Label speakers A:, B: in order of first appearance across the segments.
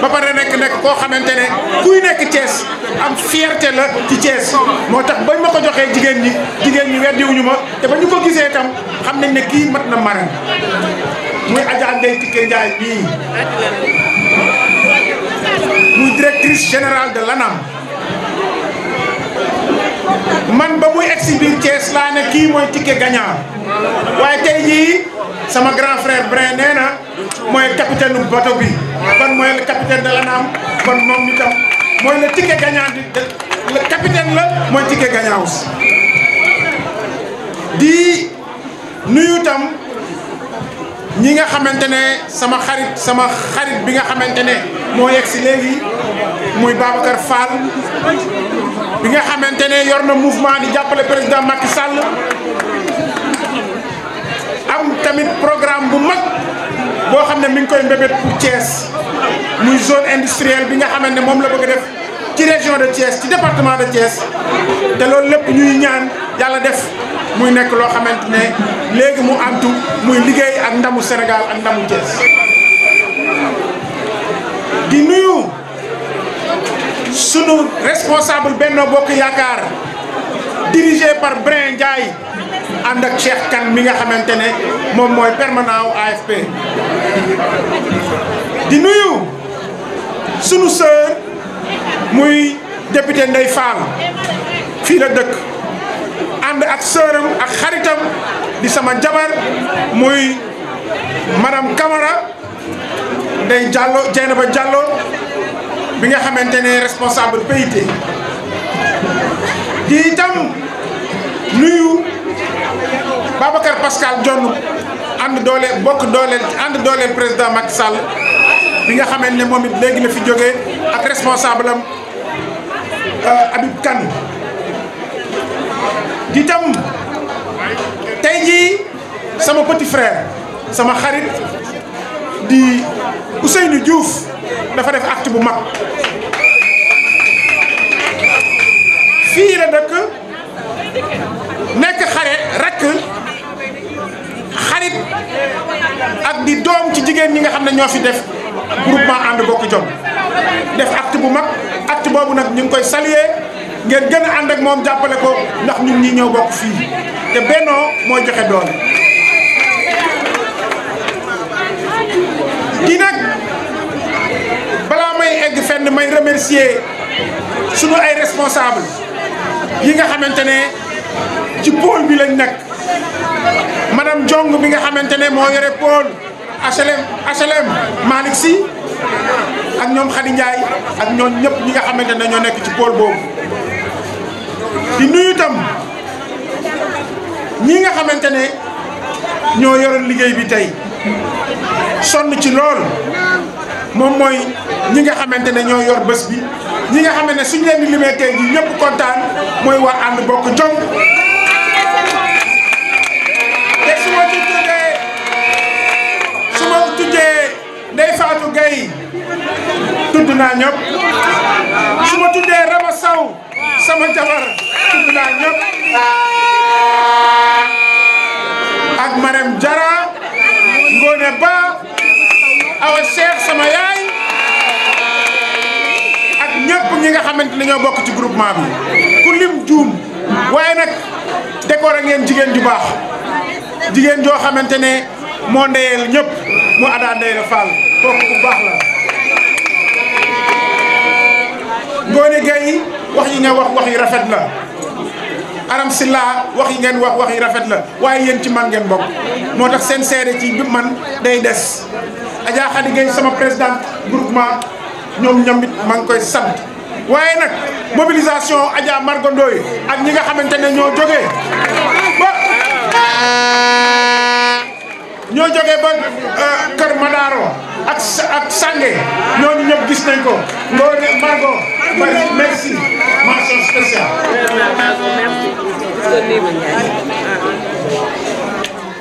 A: ba pare nekk nekk koo xamante ne kuy nekk Thiès am fierté la ci Thiès moo tax bañ ma ko joxee jigéen ñi jigéen ñi weddiwuñu ma te ba ñu ko gisee itam xam nañ ne kii mat na maran muy Adja Ndeye Tické Ndiaye bii muy directrice générale de l'ANAM man ba muy egsi biir Thiès laa ne kii mooy Tické Gagnant waaye tey jii sama grand frère Brin nee na mooy capitaine bateau bi man mooy le capitaine de l'ANAM man moom itam mooy le ticket gagnant capitaine la mooy ticket gagnant di nuyu tam ñi nga xamante ne sama xarit sama xarit bi nga xamante ne moo yegg si léegi muy Babacar Fall bi nga xamante ne yor na mouvement di jàppale président Macky Sall am tamit programme bu mag. boo xam ne mi ngi koy mbébét pour Thiès muy zone industrielle bi nga xamante ne moom la bëgg a def ci région de Thiès ci département de Thiès te loolu lépp ñuy ñaan yàlla def muy nekk loo xamante ne léegi mu antu muy liggéey ak ndamu Sénégal ak ndamu Thiès di nuyu sunu responsable benn Bokk Yaakaar dirigé par Brin Ndiaye ànd ak Cheikh Kane mi nga xamante ne moom mooy permanent wu AFP di nuyu sunu sœur muy député Ndeye Fall fii la dëkk ànd ak sœuram ak xaritam di sama jabar muy madame Camara Ndeye Diallo Dieynaba Diallo bi nga xamante ne responsable PIT di itam nuyu Babacar Pascal Jonn ànd doole bokk dooleel ànd dooleel président Macky Sall bi nga xamee ne moom it léegi la fi jógee ak responsable am euh, Habib di tam tey jii sama petit frère sama xarit di Ousseynou Diouf dafa def acte bu mag fii la dëkk nekk xare rekk xarit ak di doom ci jigéen ñi nga xam ne ñoo fi def groupement ànd bokk jom def acte bu mag acte boobu nag ñu ngi koy saluer ngeen gën a ànd ak moom jàppale ko ndax ñun ñi ñëw bokk fii te bennoo moo joxe doole di nag balaa may egg fenn may remercier sunu ay responsable yi nga xamante ne ci pôle bi lañ nekk madame Diong bi nga xamante ne moo yore pôle HLM HLM Malick Sy ak ñoom Khady Ndiaye ak ñoom ñëpp ñi nga xamante ne ñoo nekk ci pôle boobu. di nuyu ñi nga xamante ne ñoo yor liggéey bi tey sonn ci lool moom mooy ñi nga xamante ne ñoo yor bés bi ñi nga xamante ne suñ leen di limee tey ñi ñëpp kontaan mooy wax ànd bokk Diong. su ma ci tuddee su ma tuddee naa ñëpp su ma tuddee Rama Saw sama jabar tudd naa ñëpp ak Marème Diarra Ngone Ba Awa Cheikh sama yaay ak ñëpp ñi nga xamante ne ñoo bokk ci groupement bi ku lim juum waaye nag décoré ngeen jigéen ju baax. jigéen joo xamante ne moo ndeyeel ñépp mu Adja Ndeye Fall kooku bu baax la. Ngoné Gaye wax yi nga wax wax yi rafet la Aram Silla wax yi ngeen wax wax yi rafet la waaye yéen ci man ngeen bokk moo tax seen seere ci bi man day des Adja Khady Gaye sama président groupement ñoom ñoom it maa ngi koy sant waaye nag mobilisation Adja Margo Ndoye ak ñi nga xamante ne ñoo jógee. ñoo jógee ba euh, Kër Madaro ak ak Sangé ñooñu ñëpp gis nañ ko Ngoné Margot merci mention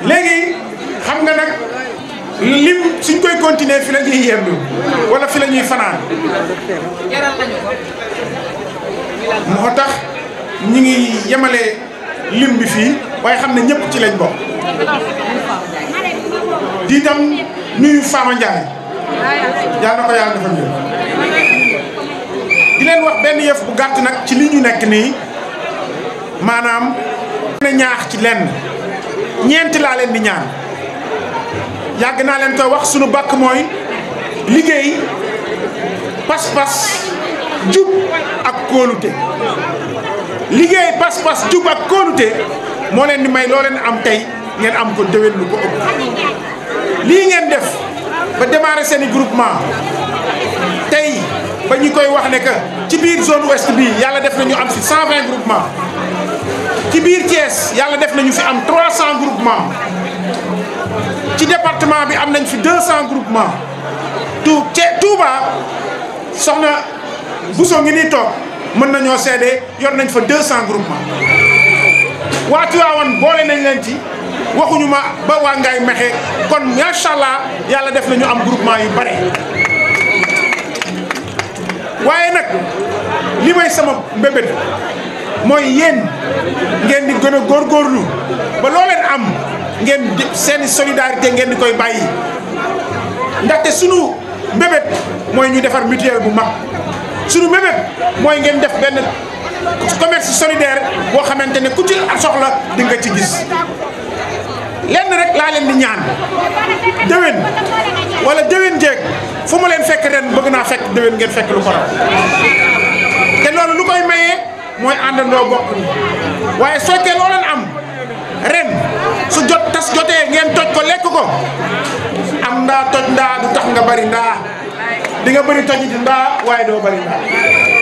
A: léegi xam nga nag lim suñ koy continuer fi la ñuy yendu wala la ñuy fanaan moo tax ñi ngi yemale lim bi fii waaye xam ne ñëpp ci lañ bokk di tam nuyu Fama di leen wax benn yëf bu gàtt nag ci li ñu nekk nii maanaam ne ñaax ci lenn ñeenti laa leen di ñaan yàgg naa leen koy wax sunu bakk mooy liggéey pas-pas jub ak kóolute liggéey pas-pas jub ak kóolute moo leen di may loo leen am tey ngeen am ko déwén lu ko ëpp lii ngeen def ba démarrer seen i groupement tey ba ñu koy wax ne que ci biir zone ouest bi yàlla def na ñu am si 120 groupement ci biir Thiès yàlla def nañu fi am 300 groupement ci département bi am nañ fi 200 groupement tout Thiès Touba soxna Bousso ngi nii toog mën nañoo seede yor nañ fa 200 groupement waa Tiwaawan boole nañ leen ci waxuñu ma ba waa Ngaye Mekhe kon macha allah yàlla def nañu am groupement yu bare. waaye nag li may sama mbébét mooy yéen ngeen di gën góor góorlu ba loo am ngeen seeni solidarité ngeen di koy bàyyi ndaxte sunu mbébét mooy ñu defar mutuelle bu mag sunu mbébét mooy ngeen def benn. commerce solidaire boo xamante ne ku ci soxla di nga ci gis lenn rek laa leen di ñaan déwén wala déwén jeeg fu ma leen fekk ren bëgg naa fekk déwén ngeen fekk lu ko raw te loolu lu koy mayee mooy àndandoo bokk ni waaye sokkee loo leen am ren su jot tas jotee ngeen toj ko lekk ko am ndaa toj ndaa du tax nga bari ndaa di nga bari toj ndaa waaye doo bari ndaa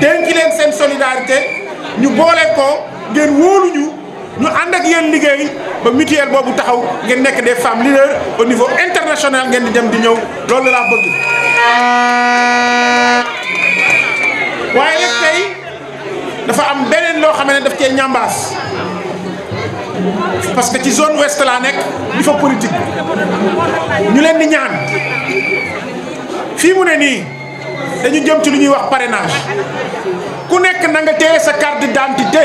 A: denc leen seen solidarité ñu boole ko ngeen wóoluñu ñu ànd ak yenn liggéey ba mutuelle boobu taxaw ngeen nekk des femmes leaders au niveau international ngeen di dem di ñëw loolu laa bëgg. waaye nag tey dafa am beneen loo xam ne daf cee ñambaas parce que ci zone ouest laa nekk di fa politique ñu leen di ñaan fii mu ne nii. dañu jëm ci lu ñuy wax parrainage ku nekk na nga téye sa carte d'identité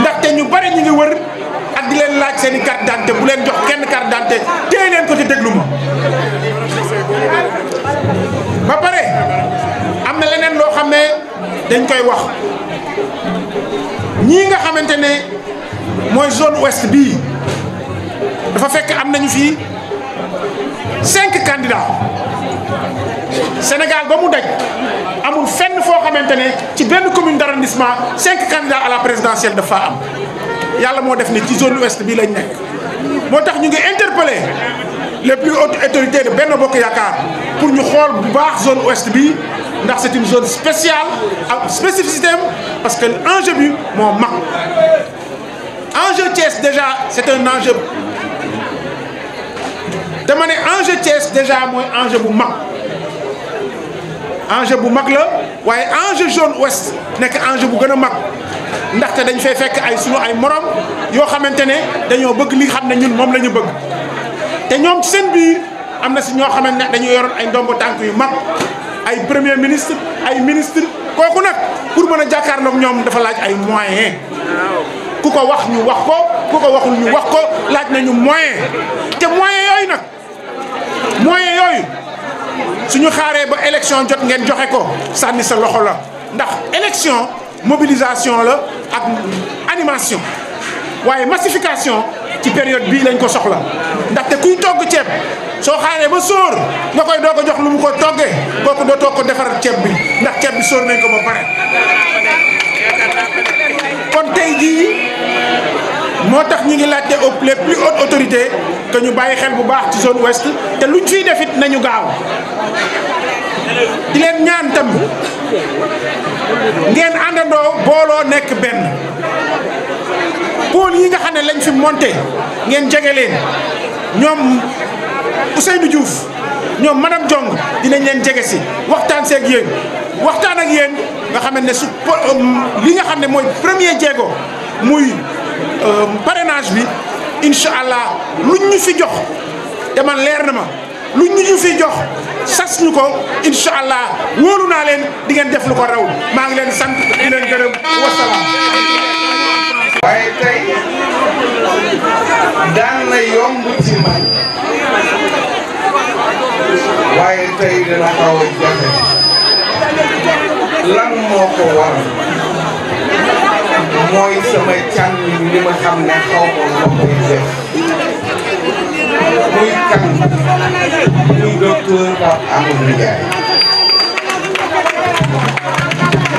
A: ndaxte ñu bare ñu ngi wër ak di leen laaj seeni i carte bu leen jox kenn carte d'identité téye leen ko ci déglu ma ba pare am na leneen loo xam ne dañ koy wax ñii nga xamante ne mooy zone ouest bii dafa fekk am nañu fii cinq candidats Sénégal ba mu daj amul fenn foo xamante ne ci benn commune d' arrondissement cinq candidats à la présidentielle dafa am yàlla moo def ne ci zone ouest bii lañ nekk. moo tax ñu ngi interpellé les plus hautes autorités de Benno Bokk Yaakaar pour ñu xool bu baax zone ouest bi ndax c' est une zone spéciale ak spécificité parce que enjeu bi moo mag enjeu Thiès déjà c' est un enjeu dama ne enjeu Thiès déjà mooy enjeu bu mag. enjeu bu mag la waaye enjeu zone ouest nekk enjeu bu gën a mag ndaxte dañ fay fekk ay sunu ay morom yoo xamante ne dañoo bëgg li xam ne ñun moom la ñu bëgg te ñoom seen biir am na si ñoo xamante ne dañu yoroon ay ndombo tànk yu mag ay premier ministre ay ministre kooku nag pour mën a jàkkaarloog ñoom dafa laaj ay moyen ku ko wax ñu wax ko ku ko waxul ñu wax ko laaj nañu moyen te moyen yooyu nag moyen yooyu suñu xaaree ba élection jot ngeen joxe ko sànni sa loxo la ndax élection mobilisation la ak animation waaye massification ci période bii lañ ko soxla ndaxte kuy togg ceeb soo xaaree ba sóor nga koy doog ko jox lu mu ko toggee kooku dootoo ko defar ceeb bi ndax ceeb bi sóor nañ ko ba pare kon tey jii moo tax ñu ngi laajte les plus hautes autorité que ñu bàyyi xel bu baax ci zone ouest te luñ fiy defit nañu gaaw di leen ñaan tam ngeen àndandoo booloo nekk benn pôle yi nga xam ne lañ fi monté ngeen jege leen ñoom Ousseynou Diouf ñoom madame Diong dinañ leen jege si waxtaan seeg yéen waxtaan ak yéen nga xamante ne su euh, li nga xam ne mooy premier jéego muy euh, parrainage bi incha allah luñ ñu fi jox te man leer na ma luñ ñu fi jox sas ñu ko incha allah wóolu naa leen di ngeen def lu ko raw maa ngi leen sant di leen gërëm wasalaam. waaye tey
B: moo ko waral. mooy sama càng li ma xam ne xaw ma muy kan muy docteur Pape Amadou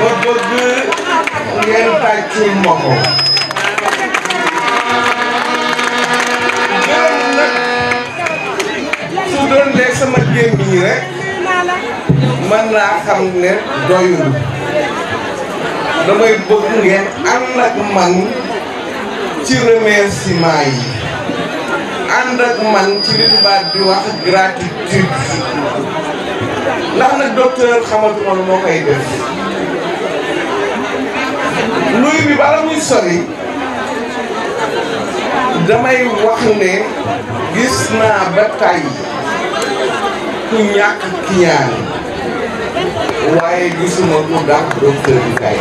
B: ma bëgg ngeen tàccul ma su doon dee sama gémmiñ rek mën naa xam ne doyul. damay bëgg ngeen ànd ak man ci remerciement yi ànd ak man ci li di wax gratitude ndax nag docteur xamatuma lu moo koy def luy bi bala muy sori damay wax ne gis naa ba tàyyi ku ñàkk kiñaan waaye gisuma ku dàq docteur bi kay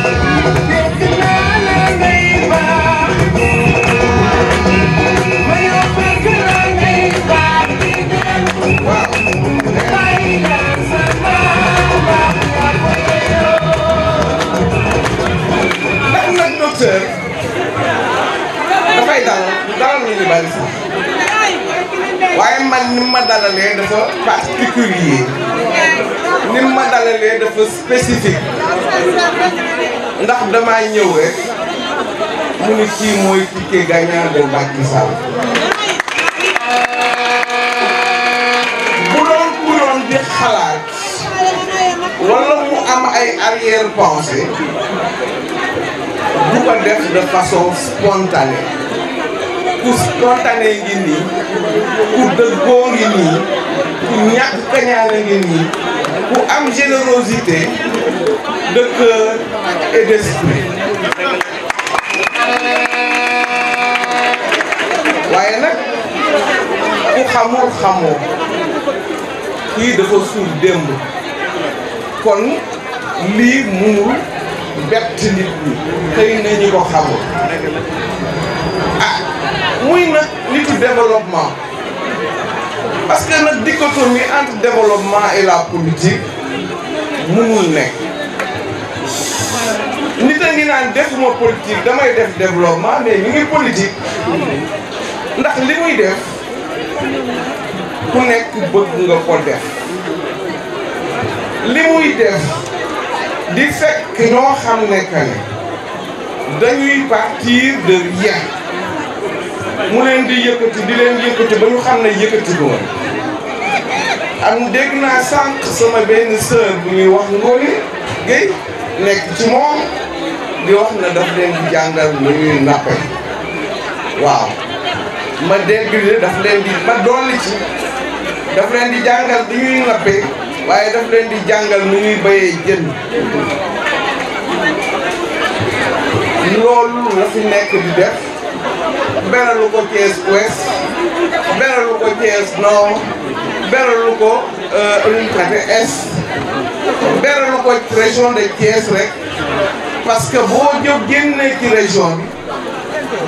B: Thank you. acteur dafay dal dalal ñu ñu bari sax waaye man ni ma dalalee dafa particulier ni ma dalalee dafa spécifique ndax damaa ñëw rek mu ni kii mooy ticket gagnant de Macky Sall bu doon ku doon di xalaat wala mu am ay arrière pensée bu ko def de façon spontanée ku spontané ngi nii ku dëggoo ngi nii ku ñàkk kañaane ngi nii ku am générosité de cœur waaye nag ku xamul xamoo kii dafa suur démb kon lii munul bett nit ñi xëy na ñi ko xamul ah muy nag nitu développement parce que nag dichotomie entre développement ay la politique
C: mënul nekk
B: nit a ngi naan defuma politique damay def développement mais ñu ngi politique ndax li muy def ku nekk bëgg nga ko def li muy def di fekk ñoo xam ne ne dañuy partir de rien mu leen di yëkkati di leen yëkkati ba ñu xam ne yëkkati ko am dégg naa sànq sama benn sœur bu ñuy wax Ngoni Guèye nekk ci moom di wax na daf leen di jàngal lu ñuy nappe waaw ma dégg daf leen di ma dolli ci daf leen di jàngal di nappe waaye daf leen di jàngal nu ñuy béyee jën loolu la fi nekk di def beralu ko Thiès ouest beralu ko Thiès nord beralu ko unité euh, est beralu ko région de Thiès rek parce que boo jóg génnee région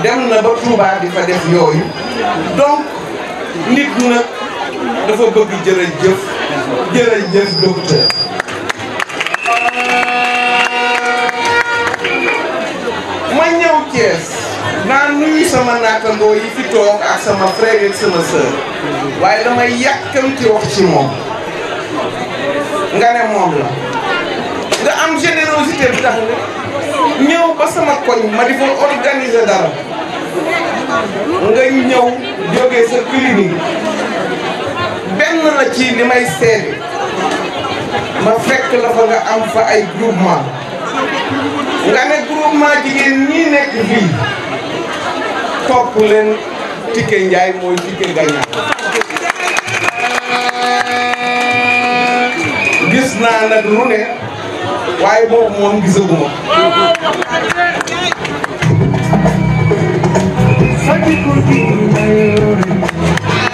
B: dem na ba Touba di fa def yooyu donc nit nag dafa bëgg jërëjëf jërëjëf docteur. ma ñëw Thiès naa nuyu sama nakkandoo yi fi toog ak sama frère ak sama sœur waaye damay yàkkamti wax ci moom nga ne moom la nga am générosité bi tax nga ñëw ba sama koñ ma di fa dara
D: nga ñëw jógee sa clinique.
B: génn ci li may seede ma fekk la fa nga am fa ay groupement nga ne groupement jigéen ñii nekk fii topp leen Tické Ndiaye mooy Tické Gagnant gis naa nag lu ne waaye boobu moom gisaguma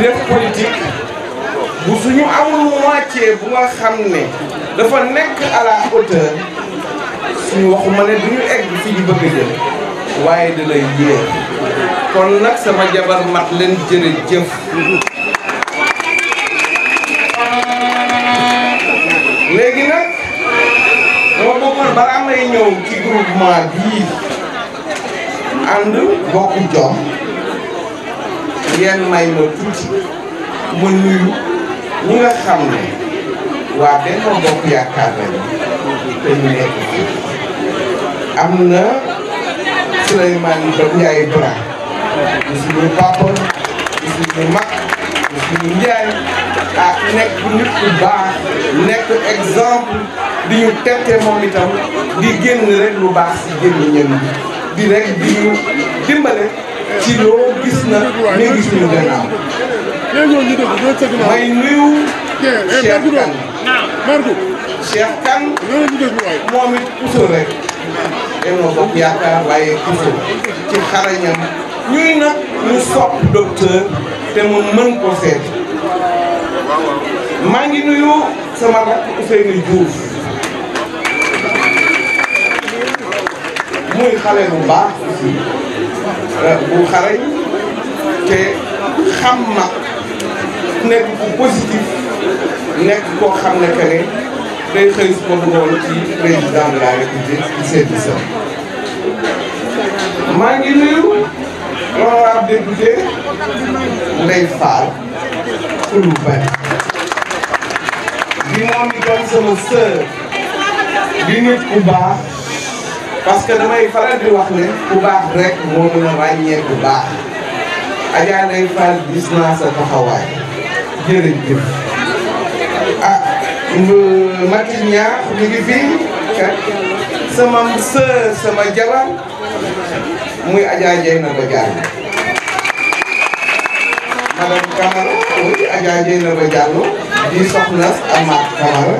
B: lépp politique bu suñu amul moitié bu nga xam ne dafa nekk à suñu waxu ma ne duñu egg fi ñu bëgg a jël waaye dina yéex kon nag sama jabar mat leen jërëjëf léegi nag dama bëggoon balaa may ñëw ci groupement bii ànd bokku jom ngeen may ma tuuti ma nuyu ñi nga xam ne waa Benno Bokk Yaakaar nañu te nekk am na Souleymane Ba Ndiaye Bra di suñu papa di suñu mag di suñu njaay ah nekk nit ku baax nekk exemple di ñu tette moom itam di génn rek lu baax si génn ñen di rek di ñu dimbale ci loo gis na mi ngi suñu gannaaw. may nuyu. Cheikh Kane. Cheikh Kane. moom it puso rek. dañoo bokk yaakaar waaye puso ci xarañam. ñuy nag ñu sopp docteur te mu mën ko seet. maa ngi nuyu sama rakk Ousseynou Diouf. muy xale bu baax bu xarañ te xam ma nekk bu positif nekk koo xam ne que ne day xëy si boobu woon ci président de la ci service am maa ngi nuyu honorable député Ndeye Fall Oulou Bari di moom itam sama sœur di nit ku baax parce que damay faral di wax ne ku rek moo mën a ràññee ku baax Adja Ndeye Fall gis naa sa taxawaay jërëjëf ah Mati Niakh mi ngi fi sama sama jabar muy Adja Ndiaye na ba jàll madame Camara muy Adja Ndiaye na ba jàll di soxna Amath Camara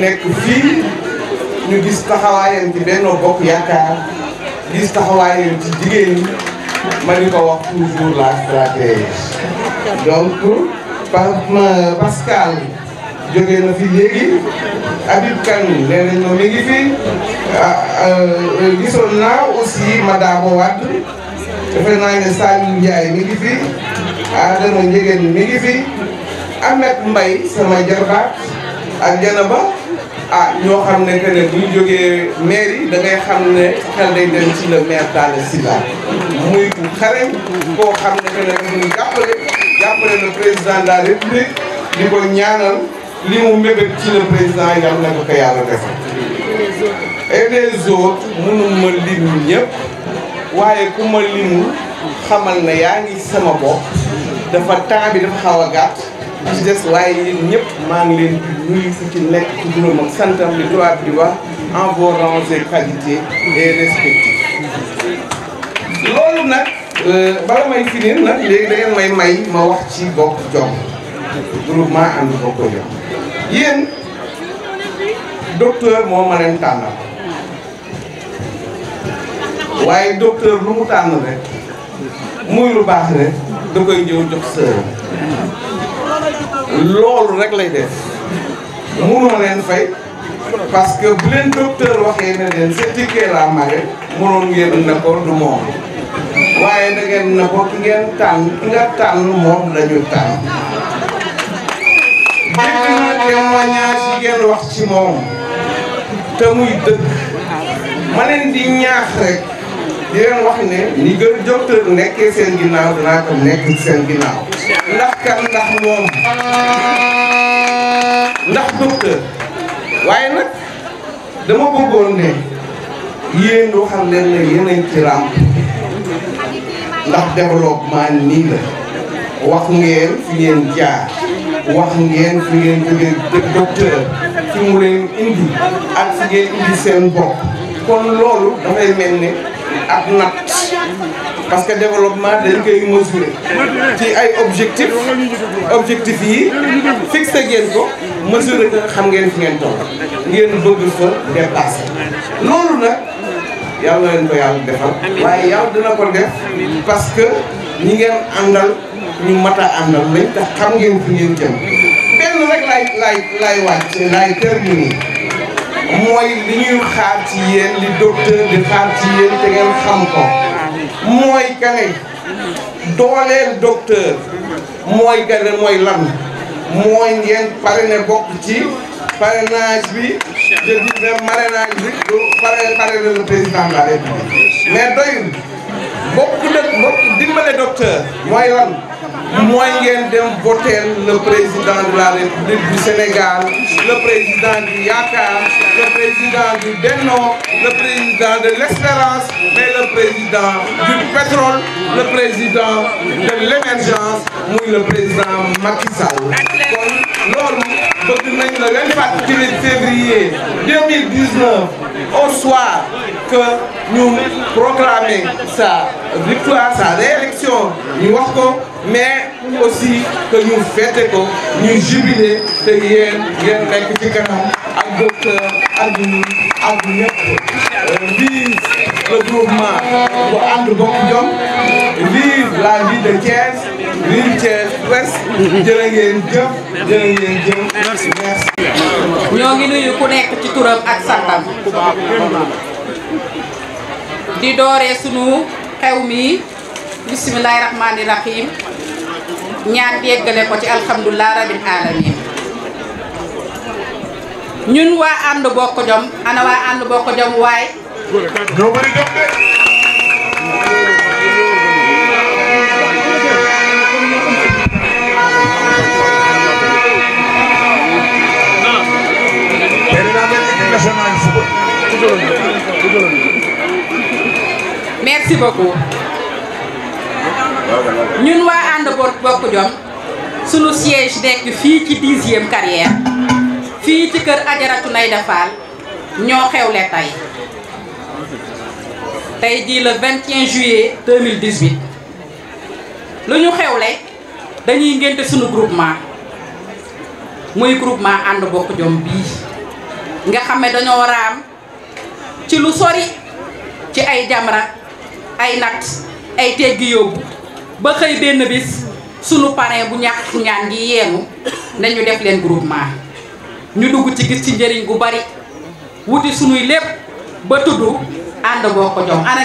B: nekk fii ñu gis taxawaayam ci Benno Bokk Yaakaar gis taxawaayam ci jigéen ñi ma di ko wax toujours la stratégie donc par Pascal jóge na fi léegi Habib Kane nee nañ ma mi ngi fi ah, euh, gisoon naa aussi Madabo Wade defe naa ne Saliou Ndiaye mi ngi fi Adama Ndiégène mi ngi fi Ahmed Mbaye sama jarbaat ak Janaba ah ñoo xam ne que ne bu ñu jógee mairie da ngay xam ne xel day dem ci le maire Talla Sylla muy ku xarañ koo xam ne que ne mu ngi jàppale jàppale le président de la république di ko ñaanal li mu mébét ñëpp waaye ku ma limul xamal na yaa ngi sama bopp dafa temps bi dafa xaw a gàtt ci waaye yéen ñëpp maa ngi leen di nuyu nekk ci juróom ak santam li tubaab di wax en vos rangs et qualités loolu nag euh, bala may finir nag léegi da may may ma wax ci bokk jox groupement ànd bokk jox yéen docteur moo ma leen tànnal waaye docteur lu mu tànn rek muy lu baax rek da koy ñëw jox sër loolu rek lay def mënuma leen fay parce que bu leen docteur waxee ne leen c'est ticket la mare mënoon ngeen na ko du moom waaye da ngeen na ko ki ngeen tànn nga tànn moom lañu tànn dégg naa témoignage yi ngeen wax ci moom te muy ma leen di ñaax rek di wax ne ni gën docteur nekkee seen ginnaaw danaa ko nekk seen ginnaaw ndax kan ndax moom ndax docteur waaye nag dama bëggoon ne yéen du xam leen ne yéen ci làmp ndax développement nii la wax ngeen fi ngeen jaar wax ngeen fi ngeen jógee docteur fi mu leen indi ak fi ngeen indi seen bopp kon loolu dafay mel ne ak natt parce que développement dañ koy mesurer ci ay objectif objectif yi fixé ngeen ko mesurer ko xam ngeen fi ngeen toll ngeen bëgg fa dépasser loolu nag yàlla leen ko yàlla defal waaye yàlla dina ko def parce que ñi ngeen àndal ñu mat a àndal lañ tax xam ngeen fi ngeen jëm benn rek laay laay laay wàcc laay terminer mooy li ñuy xaar ci yéen li docteur di xaar ci yéen te ngeen xam ko mooy gane dooleel docteur mooy gane mooy lan mooy ngeen parrainé bokk ci parrainage bi je dis même marrainage bi du parrainé parrainé le président de la République mais doyul bokk na bokk dimbale docteur mooy lan mooy ngeen dem voteel le président de la république du Sénégal le président du yaakaar le président du Benno le président de l'espérance mais le président du pétrole le président de l'émergence muy le président Macky Sall kon loolu le février au soir que ñu proclamer sa victoire sa réélection ñu wax ko mais aussi que ñu fête ko ñu jubilé te yéen ngeen nekk ci kanam ak docteur ak ak ñëpp vive le mouvement bu ànd bokk jom vive la ville de Thiès vive Thiès Ouest jërë ngeen jëf jërë ngeen jëf merci
E: ñoo ngi nuyu ku nekk ci turam ak santam di dooree sunu xew mi bisimilahi rahmaani rahim ñaan yeggale ko ci alhamdulilah rabbil alamin ñun waa ànd bokk jom ana waa ànd bokk jom waaye merci beaucoup ñun waa ànd bokk jom sunu siège nekk fii ci dixième carrière fii ci kër ajaratu Nayda Fall ñoo xewle tey tey jii le 21 juillet 2018 lu ñu xewle dañuy ngénte sunu groupement muy groupement ànd bokk jom bii nga xam ne dañoo raam ci lu sori ci ay jamra ay natt ay teggi yóbbu ba xëy benn bis sunu parrain bu ñàkk ci ñaan gi yeenu nañu def leen groupement ñu dugg ci gis ci njëriñ gu bari wuti sunuy lépp ba tudd ànd boo ko jom ana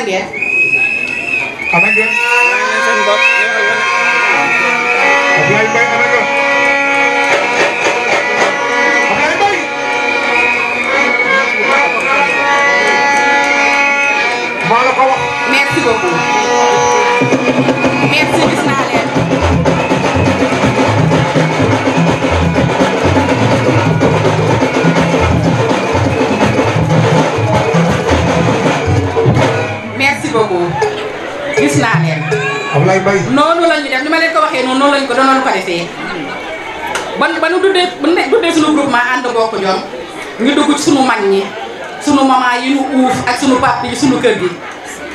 E: merci beaucoup. gis naa leen. merci beaucoup gis naa leen. noonu la ñu ni ma leen ko waxee noonu noonu ko doon ko defee. ba ba nu duddee ba nu duddee sunu groupement ànd bokk ñoom dugg sunu mag sunu maman yi ñu uuf ak sunu papa yi sunu kër gi.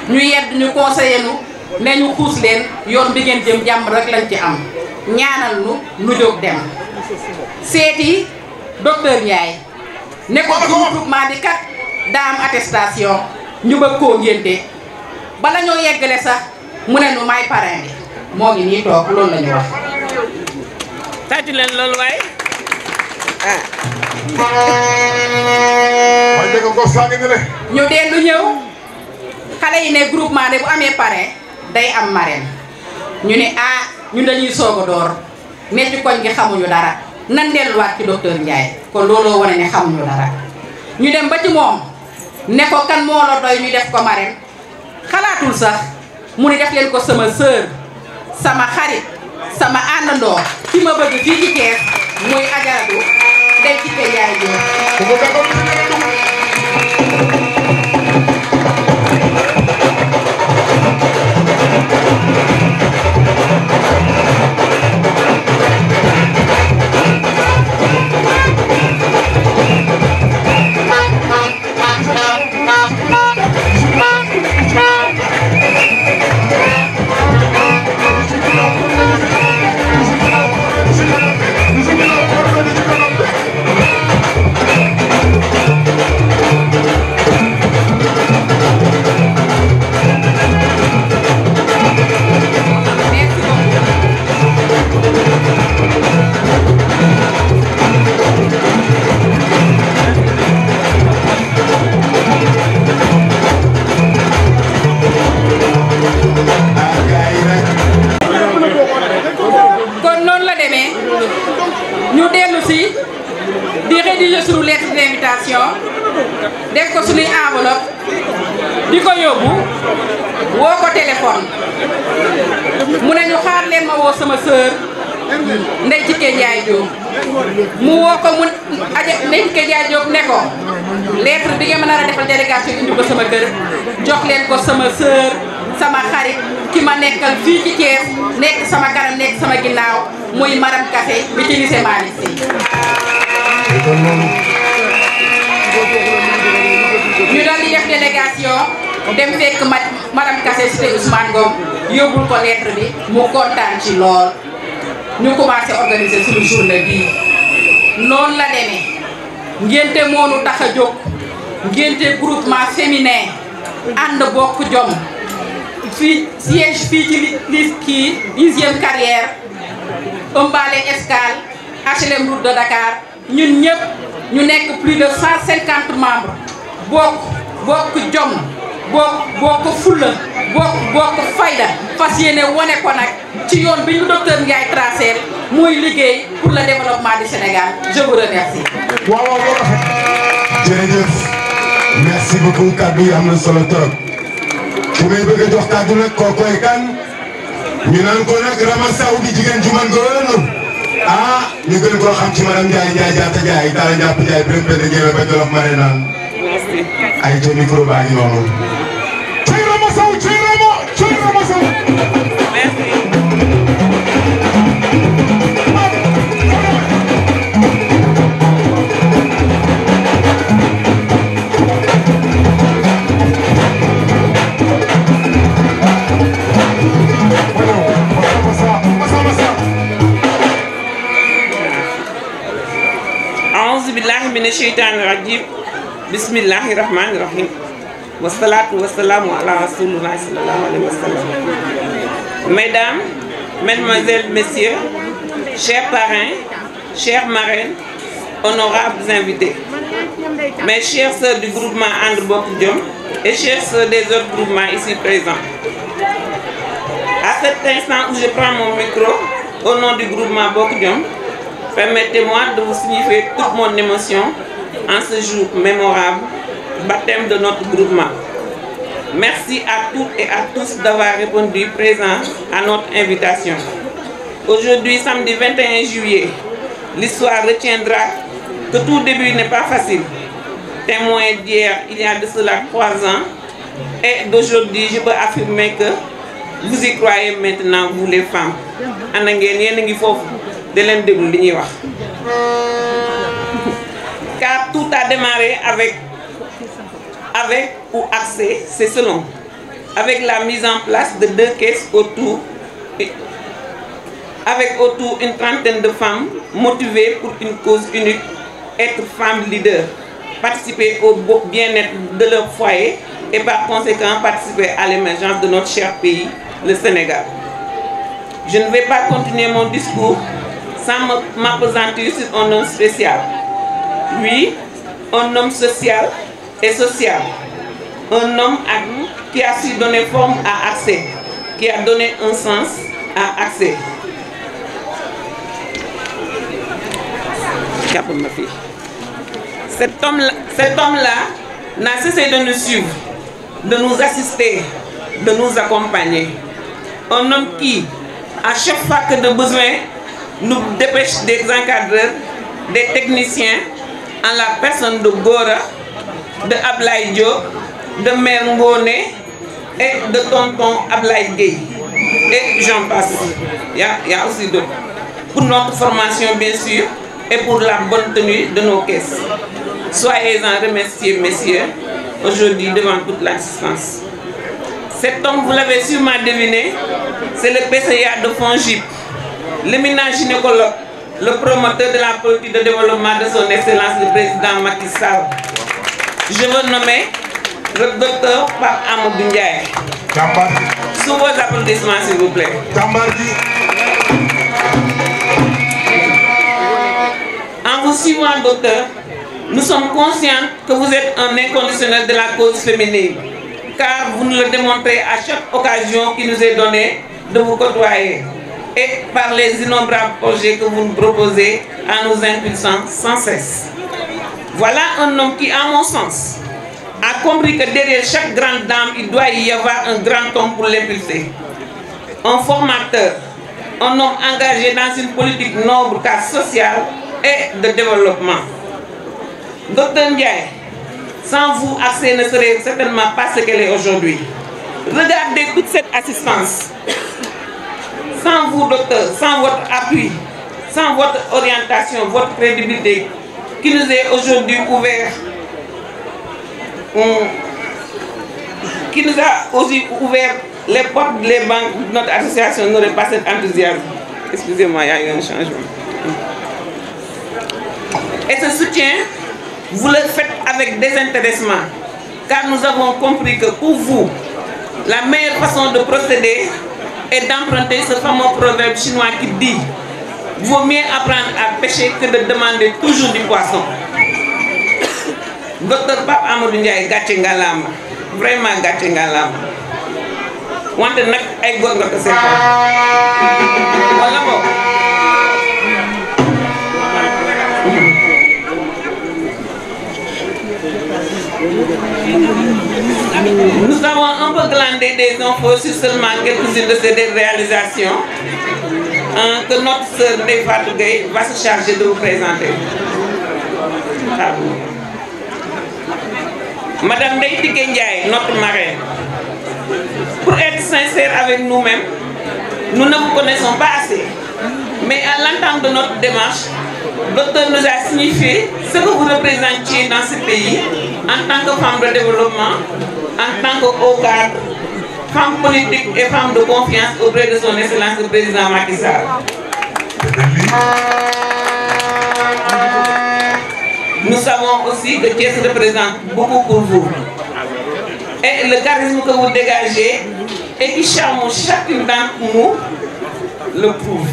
E: ñu yedd ñu conseillé nu ne ñu xuus leen yoon bi ngeen jëm jàmm rek lañ ci am ñaanal nu nu jóg dem seeti docteur Ndiaye ne ko groupement di kat daa am attestation ñu bëgg koo ngénte bala ñoo yeggale sax mu ne nu may parrain bi moo ngi nii toog loolu la wax tàccu leen waaye ah. waaye dégg ñëw xale yi ne groupement ne bu amee parrain day am marraine ñu ne ah ñu dañuy soog a door ne ci koñ gi xamuñu dara nan delluwaat ci docteur Ndiaye kon looloo wane ne xamuñu dara ñu dem ba ci moom ne ko kan moo la doy ñu def ko marraine xalaatul sax mu ne def leen ko sama sœur sama xarit sama àndandoo ci ma bëgg fii ci Thiès muy ajaratu day ci Ndiaye Diop. kër leen ko sama sœur sama xarit ki ma nekkal fii ci Thiès nekk sama kanam nekk sama ginnaaw muy Maram Kassé bi ci lycée Malick ñu daal def délégation dem fekk ma Maram Kassé cité Ousmane Ngom yóbbul ko lettre bi mu kontaan ci lool ñu commencé organiser suñu journée bii noonu la demee ngénte moonu tax a jóg ngénte groupement féminin ànd bokk jom fii siège fii ci lis kii dixième carrière ëmbaale escale HLM route de Dakar ñun ñëpp ñu nekk plus de cent cinquante membres bokk bokk jom bokk fulla bokk bokk fayda fas yéene ko nag ci yoon bi ñu docteur Ndiaye tracé muy liggéey pour le développement du Sénégal je vous remercie.
A: waaw waaw merci beaucoup kaddu yi am solo trop ku may bëgg a jox kaddu nag kan ñu naan ko nag Rama Sow di jigéen ju ah, ñu gën koo xam ci madame Ndiaye Ndiaye Diatta Ndiaye Talla Ndiaye Ndiaye bi leen benn jéem a bëgg lox ma ne ay ca micro baa ngi noonu. ciy Rama Sow ciy Rama
F: mina sheytaani rajim bismillahi rahmani rahim wasalaatu wasalaamu ala rasulillahi sallallahu alayhi wa sallam mesdames mesdemoiselles du groupement And Bokk Jom et chères sœurs des autres groupements ici présents à cet instant où je micro au groupement Bokk Jom Permettez-moi de vous signifier toute mon émotion en ce jour mémorable, baptême de notre groupement. Merci à toutes et à tous d'avoir répondu présent à notre invitation. Aujourd'hui, samedi juillet, l'histoire retiendra que tout début n'est pas facile. Témoin d'hier, il y a de cela trois ans, et d'aujourd'hui, je peux affirmer que vous y croyez maintenant, vous les femmes. de leen déglu li ñuy wax car tout a démarré avec avec ou accès c'est selon avec la mise en place de deux caisses autour et avec autour une trentaine de femmes motivées pour une cause unique être femme leader participer au bien-être de leur foyer et par conséquent participer à l'émergence de notre cher pays, le Sénégal. Je ne vais pas continuer mon discours sans m'appesantir sur un homme spécial. Oui, un homme social et social. Un homme qui a su donner forme à accès, qui a donné un sens à accès. Cet homme-là homme n'a cessé de nous suivre, de nous assister, de nous accompagner. Un homme qui, à chaque fois que de besoin nous dépêche des encadreurs, des techniciens, en la personne de Gora, de Ablaï de Merngone et de Tonton Ablaï Gueye. Et j'en passe. Il y, a, il y a aussi d'autres. Pour notre formation, bien sûr, et pour la bonne tenue de nos caisses. Soyez-en remerciés, messieurs, aujourd'hui devant toute l'assistance. Cet homme, vous l'avez sûrement deviné, c'est le PCA de Fongip. Le ménage le promoteur de la politique de développement de son excellence le président Macky Je veux nommer le docteur Pape Amadou Ndiaye. Sous vos s'il vous plaît. En vous suivant, docteur, nous sommes conscients que vous êtes un inconditionnel de la cause féminine, car vous nous le démontrez à chaque occasion qui nous est donnée de vous côtoyer. et par les innombrables projets que vous nous proposez en nous impulsant sans cesse. Voilà un homme qui, à mon sens, a compris que derrière chaque grande dame, il doit y avoir un grand homme pour l'impulser. Un formateur, un homme engagé dans une politique noble car sociale et de développement. Docteur Ndiaye, sans vous, Axé ne serait certainement pas ce qu'elle est aujourd'hui. Regardez toute cette assistance sans vous docteur, sans votre appui, sans votre orientation, votre crédibilité, qui nous est aujourd'hui ouvert, on, qui a aussi ouvert les portes des banques, notre association n'aurait pas cet enthousiasme. excusez y a eu un changement. Et ce soutien, vous le faites avec désintéressement, car nous avons compris que pour la meilleure façon de procéder, et d'emprunter ce fameux proverbe chinois qui dit vaut mieux apprendre à pêcher que de demander toujours du poisson. docteur Pape Amadou Ndiaye gàcce ngalaama vraiment gàcce ngalaama wante nag ay góor nga ko seetal wala
D: boog Thank
F: Nous avons un peu glandé des infos sur seulement quelques de ces réalisations hein, que notre sœur Nefatou va se charger de vous présenter. Ah Madame Deiti Ndiaye, notre marraine, pour être sincère avec nous-mêmes, nous ne connaissons pas assez. Mais à l'entente de notre démarche, Votre nous a signifié ce que vous représentiez dans ce pays en tant que femme de développement, en tant que haut cadre, femme politique et femme de confiance auprès président Macky Nous savons aussi que Thiès représente beaucoup pour Et le charisme que vous dégagez et qui charme chacune d'entre nous le prouve.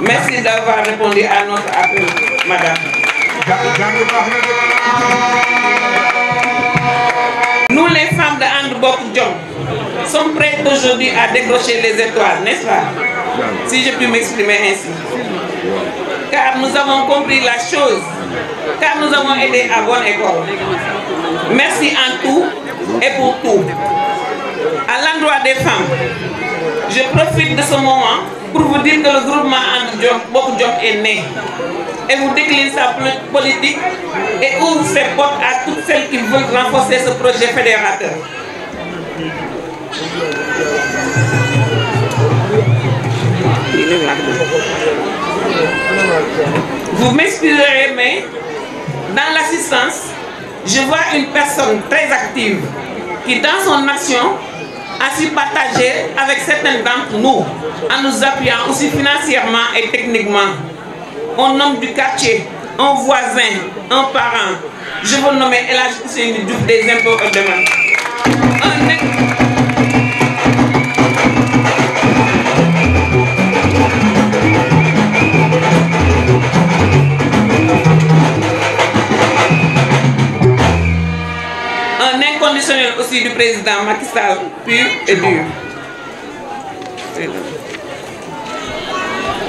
F: Merci d'avoir répondu à Nous, les femmes de Andbok Djong, sommes aujourd'hui à décrocher les étoiles, nest pas Si je puis m'exprimer ainsi. Car nous avons compris la chose, car nous avons aidé à bonne école. Merci en tout et pour tout. À l'endroit des femmes, Je profite de ce moment pour vous dire que le groupement Bok Job est né et vous décline sa politique et ouvre ses à toutes celles qui veulent renforcer ce projet fédérateur. Vous m'excuserez, mais dans l'assistance, je vois une personne très active qui, dans son action, ainsi partagée avec certaines d'entre nous en nous appuyant aussi financièrement et techniquement. Un homme du quartier, un voisin, un parent, je vous nommer Elage Hussein des impôts au demain. exceptionnel aussi du président Macky Sall, pur et dur.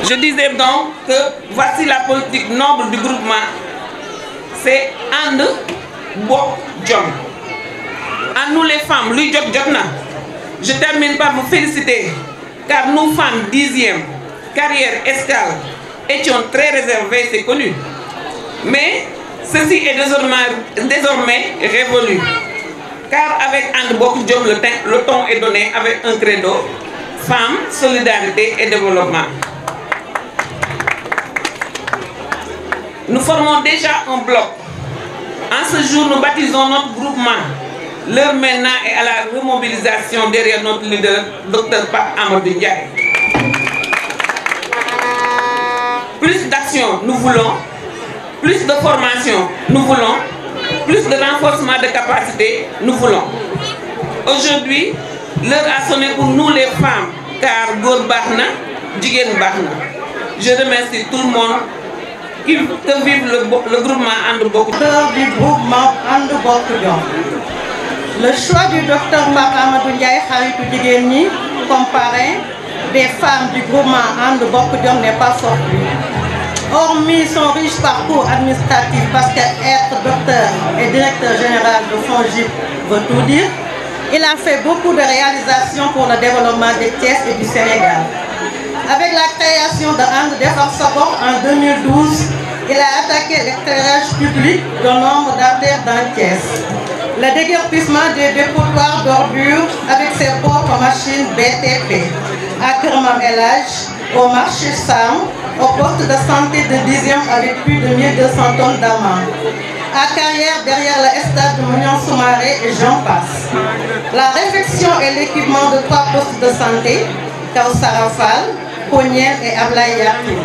F: Je disais donc que voici la politique noble du groupement. C'est And Bok John. À nous les femmes, lui Jok Jokna. Je termine par vous féliciter, car nous femmes dixième, carrière escale, étions très réservées, c'est connu. Mais ceci est désormais révolu. car avec And Bokk Jom le, le ton est donné avec un credo femme, solidarité et développement. Nous formons déjà un bloc. En ce jour, nous baptisons notre groupement. L'heure maintenant est à la remobilisation derrière notre leader, Dr Pape Amadou Ndiaye. Plus d'action, nous Plus de formation, nous plus de renforcement de capacité nous voulons. Aujourd'hui, l'heure a sonné pour nous les femmes, car Gour Bahna, Djigen Bahna. Je remercie tout le monde
D: qui te vive le, le groupement Andebok. du groupement Andebok Le choix du docteur Makamadou Ndiaye Kharitou Djigeni, comparé des femmes du groupement Andebok n'est pas sorti. Hormis son riche parcours administratif, parce qu'être docteur et directeur général de FONGIP veut tout dire, il a fait beaucoup de réalisations pour le développement des Thiès et du Sénégal. Avec la création de Anne Defarsabon en il a attaqué l'éclairage public d'un nombre d'artères dans Le déguerpissement des dépotoirs d'ordures avec ses propres machines BTP à Kermamelage, au marché Sam, au poste de santé de 10 avec plus de 1200 tonnes d'amas. À Carrière, derrière la stade de Mounion et j'en passe. La réfection et l'équipement de trois postes de santé, Kaoussarafal, Pogniel et Ablaïaki.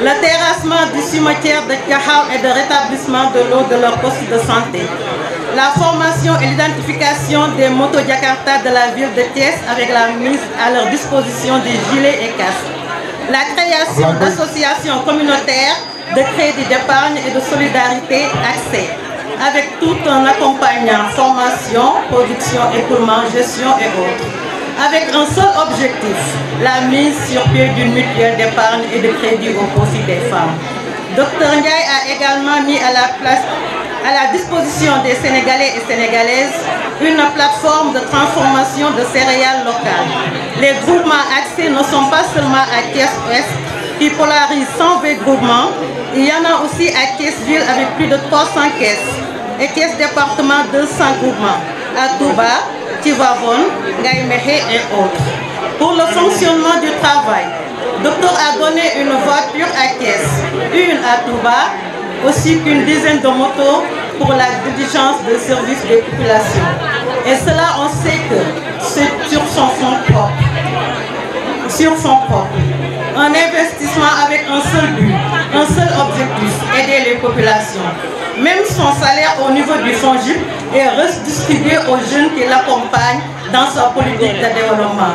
D: Le terrassement du cimetière de Kahao et de rétablissement de l'eau de leur poste de santé. La formation et l'identification des motos de la ville de Thiès avec la mise à leur disposition des gilets et casques. la création d'associations communautaires de crédit d'épargne et de solidarité accès, avec tout un accompagnant, formation, production, écoulement, gestion et autres. Avec un seul objectif, la mise sur pied d'une mutuelle d'épargne et de crédit au profit des femmes. Dr Ndiaye a également mis à la place à la disposition des Sénégalais et Sénégalaises une plateforme de transformation de céréales locales. Les groupements axés ne sont pas seulement à Thiès Ouest, qui polarise 120 Il y en a aussi à Thiès-Ville avec plus de 300 caisses et Thiès département 200 groupements à Touba, Tivavone, Gaïmehe et autres. Pour le fonctionnement du travail, Docteur a donné une voiture à Thiès, à Touba, ainsi qu'une dizaine de motos pour la diligence de service des populations. Et cela, on sait que c'est sur son fonds propre. Sur son Un investissement avec un seul but, un seul objectif, aider les populations. Même son salaire au niveau du fonds est redistribué aux jeunes qui l'accompagnent dans sa politique de développement.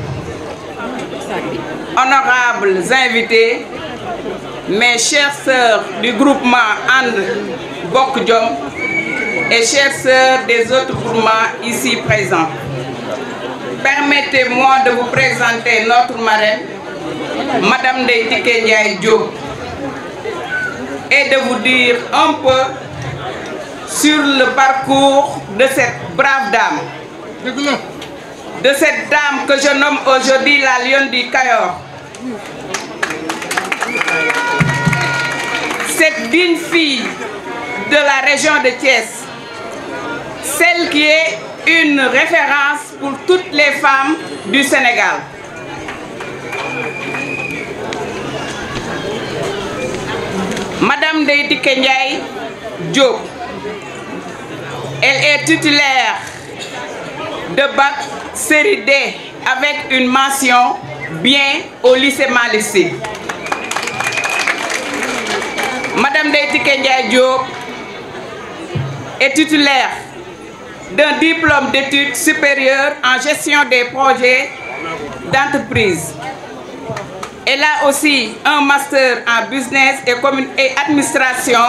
G: honorables invités, mais chères sœurs du groupement And Bokdjom et chères sœurs des autres groupements ici présents. Permettez-moi de vous présenter notre marraine,
D: Madame Deitike Ndiaye
G: Diop, et de vous dire un peu sur le parcours de cette brave dame. de cette dame que je nomme aujourd'hui la lionne du Cayor. Cette digne fille de la région de Thiès, celle qui est une référence pour toutes les femmes du Sénégal. Madame Deïti Kenyaï Diop, elle est titulaire de BAC série D avec une mention bien au lycée Malick Madame Ndeye Ndiaye Diop est titulaire d'un diplôme d'études supérieures en gestion des projets d'entreprise. Elle a aussi un master en business et, et administration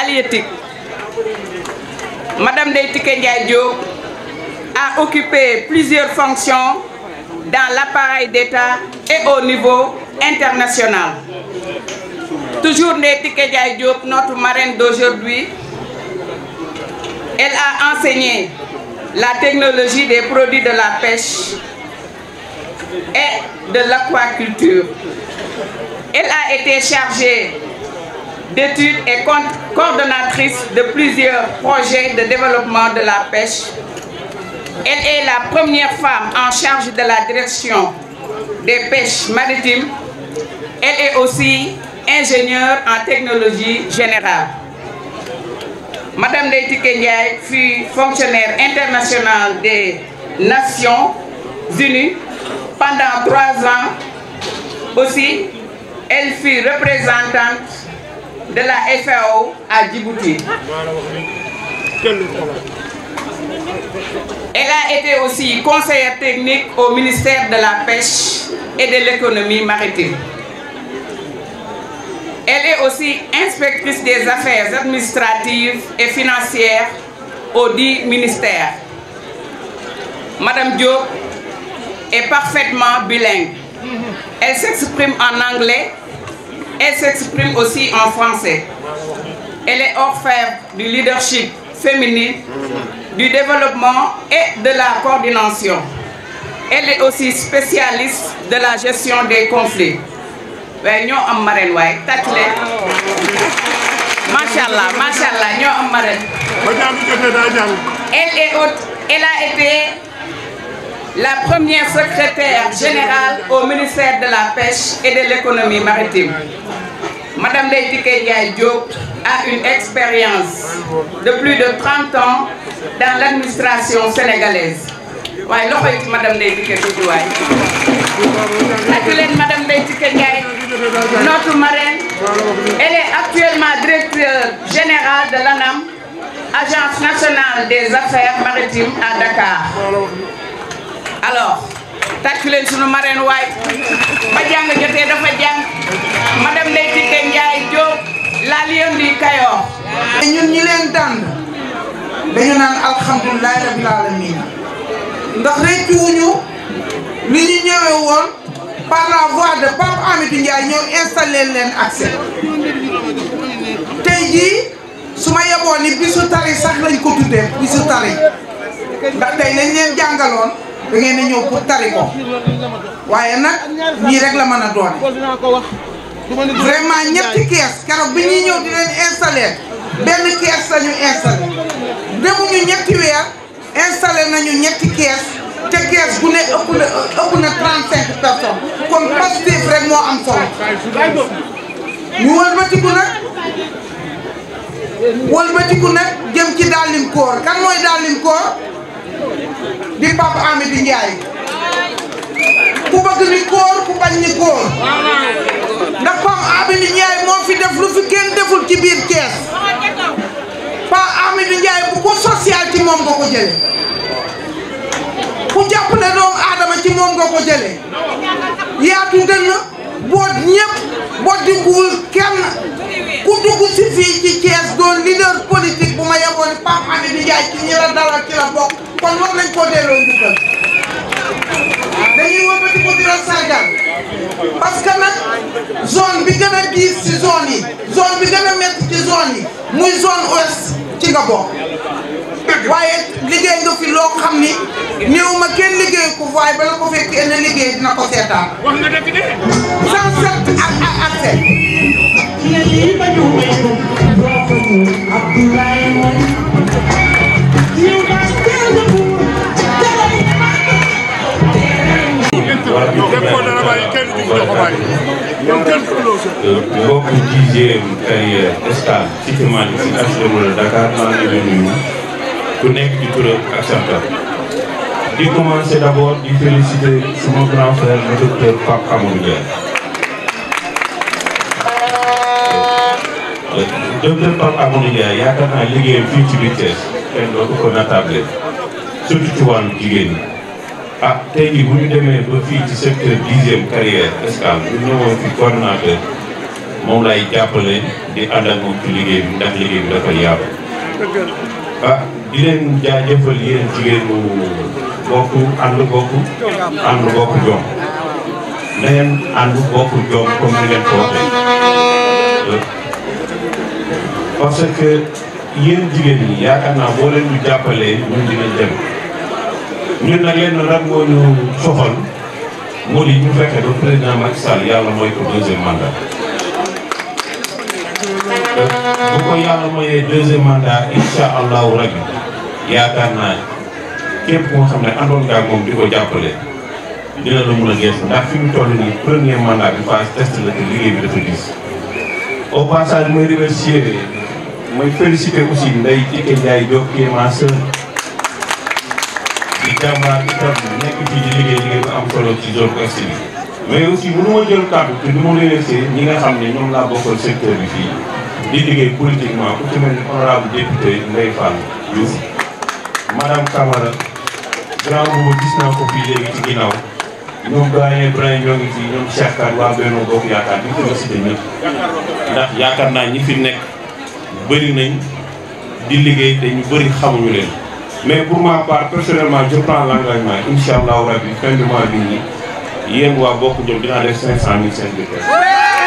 G: aléatique. Madame Ndeye Ndiaye Diop a occupé plusieurs fonctions dans l'appareil d'État et au niveau international. Toujours Nétike Diop, notre marraine d'aujourd'hui, elle a enseigné la technologie des produits de la pêche et de l'aquaculture. Elle a été chargée d'études et coordonnatrice de plusieurs projets de développement de la pêche Elle est la première femme en charge de la direction des pêches maritimes. Elle est aussi ingénieure en technologie générale. Madame Leïti Ndiaye fut fonctionnaire internationale des Nations Unies pendant trois ans. Aussi, elle fut représentante de la FAO à Djibouti. Elle a été aussi conseillère technique au ministère de la Pêche et de l'économie maritime. Elle est aussi inspectrice des affaires administratives et financières au dit ministère. Madame Diop est parfaitement bilingue. Elle s'exprime en anglais, elle s'exprime aussi en français. Elle est orfèvre du leadership féminin du développement et de la coordination. Elle est aussi spécialiste de la gestion des conflits. waaye ñoo am marraine waaye tàcc leen macha allah macha allah ñoo
A: am marraine. ba ñaar jotee daa ñaar.
G: elle est haute elle a été la première secrétaire générale au ministère de la pêche et de l'économie maritime. Madame Leïtike Diop a une expérience de plus de 30 ans dans l'administration sénégalaise. waaye loxo yi ci madame Ndeye Tické Doudou waay
D: ak elle
G: est actuellement directrice générale de l'ANAM agence nationale des affaires maritimes à Dakar tàccu leen sunu marraine waay ba jàng jotee dafa jàng madame Ndeye Tické Ndiaye Diop la Lionne du Kayor
C: ñun ñi leen tànn dañu naan alhamdulilah rabbil alamin ndax réccu wuñu li ñu ñëwee woon par la de Pape Amidou Ndiaye ñëw installé leen accès tey jii su ma yeboon ni bisu tari sax lañ ko tuddee bisu tari ndax tey lañ leen jàngaloon. da ngeen a ñëw pour tari ko waaye nag ñii rek la mën a doone vraiment ñetti kees keroog bi ñuy ñëw di leen installé benn kees la ñu installé demuñu ñetti weer installé nañu ñetti kees te kees gu ne ëpp na ëpp na 35 personnes kon positif rek moo am solo ñu wëlbatiku nag wëlbatiku nag jëm ci daalim kan mooy daalim di Papa Amady Ndiaye ku bëgg ni ku bañ ni góor ndax Papa Amady moo fi def lu kenn deful ci biir Thiès Papa Amady Ndiaye bu ko social ci moom nga ko jële ku jàppale doomu aadama ci moom nga ko jële yaatu dënn boot ñëpp boot di nguur kenn ku dugg si fii ci Thiès doon leader politique bu ma yeboon Papa Amady Ndiaye ci ñi la dalal ci la bokk kon loolu lañ ko delloo njukkal ah, dañuy wëkkati ko di la sargal parce que nag zone bi gën a diis ci zone yi zone bi gën a métti ci zone yi muy zone ouest ci nga waaye liggéey nga fi loo xam ni néew ma kenn liggéey ko bala ko fekk kenn liggéey dina ko seetaan. wax nga ak ak ak seet.
A: nekkoon dana bàyyi kenn du
D: ko
H: bàyyi ñoom Dakar maa di nuyu ku nekk di turam ak santam di commencer d'abord di féliciter sama grand frère le docteur Pape Amadou Dieng. docteur Pape Amadou naa liggéeyam fii ci biir Thiès doo ko ko nattable surtout ci ah tey jii bu ñu demee ba fii ci secteur dixième carrière Escale bu ñëwoon fi coordonnateur moom lay jàppale di ànd ak moom ci liggéey bi ndax liggéey bi dafa yaatu. ah di leen jaajëfal yéen jigéenu bokk ànd bokk ànd bokk jom na ngeen ànd bokk jom comme ni ngeen ko waxee parce que yéen jigéen ñi yaakaar naa boo leen ñu jàppalee ñun dinañ dem. ñun nag lenn rek moo ñu soxal moo di ñu fexe ba président Macky yàlla mooy ko deuxième mandat. ko yàlla mooyee deuxième mandat allahu rabi yaakaar naa képp koo xam ne àndoon ngaa moom di ko jàppale. dina la mun a gees ndax fi mu toll nii premier mandat bi phase test la te liggéey bi dafa diis. au passage mooy remercier mooy féliciter aussi Ndeye Tické Ndiaye Diop ma sœur jàmbaar itam nekk fii di liggéey liggéey bu am solo ci zone ouest ma jël kàddu te du ma remercier ñi nga xam ne ñoom laa bokkal secteur bi fii di liggéey politiquement ku ci mel ni honorable député Ndeye Fall Diouf madame Camara grand boobu gis naa ko fii léegi ci ginnaaw ñoom doyen Ibrahima ñoo ngi fi ñoom Cheikh Kane waa Benno Bokk Yaakaar bi ñu ko cité ñëpp ndax yaakaar naa ñi fi nekk bëri nañ di liggéey te ñu bëri xamuñu leen mais pour ma part personnellement je prends l'engagement incha allahu rabi fin du mois bii nii yéen waa bokk jom dinaa def cinq cent mille seen biir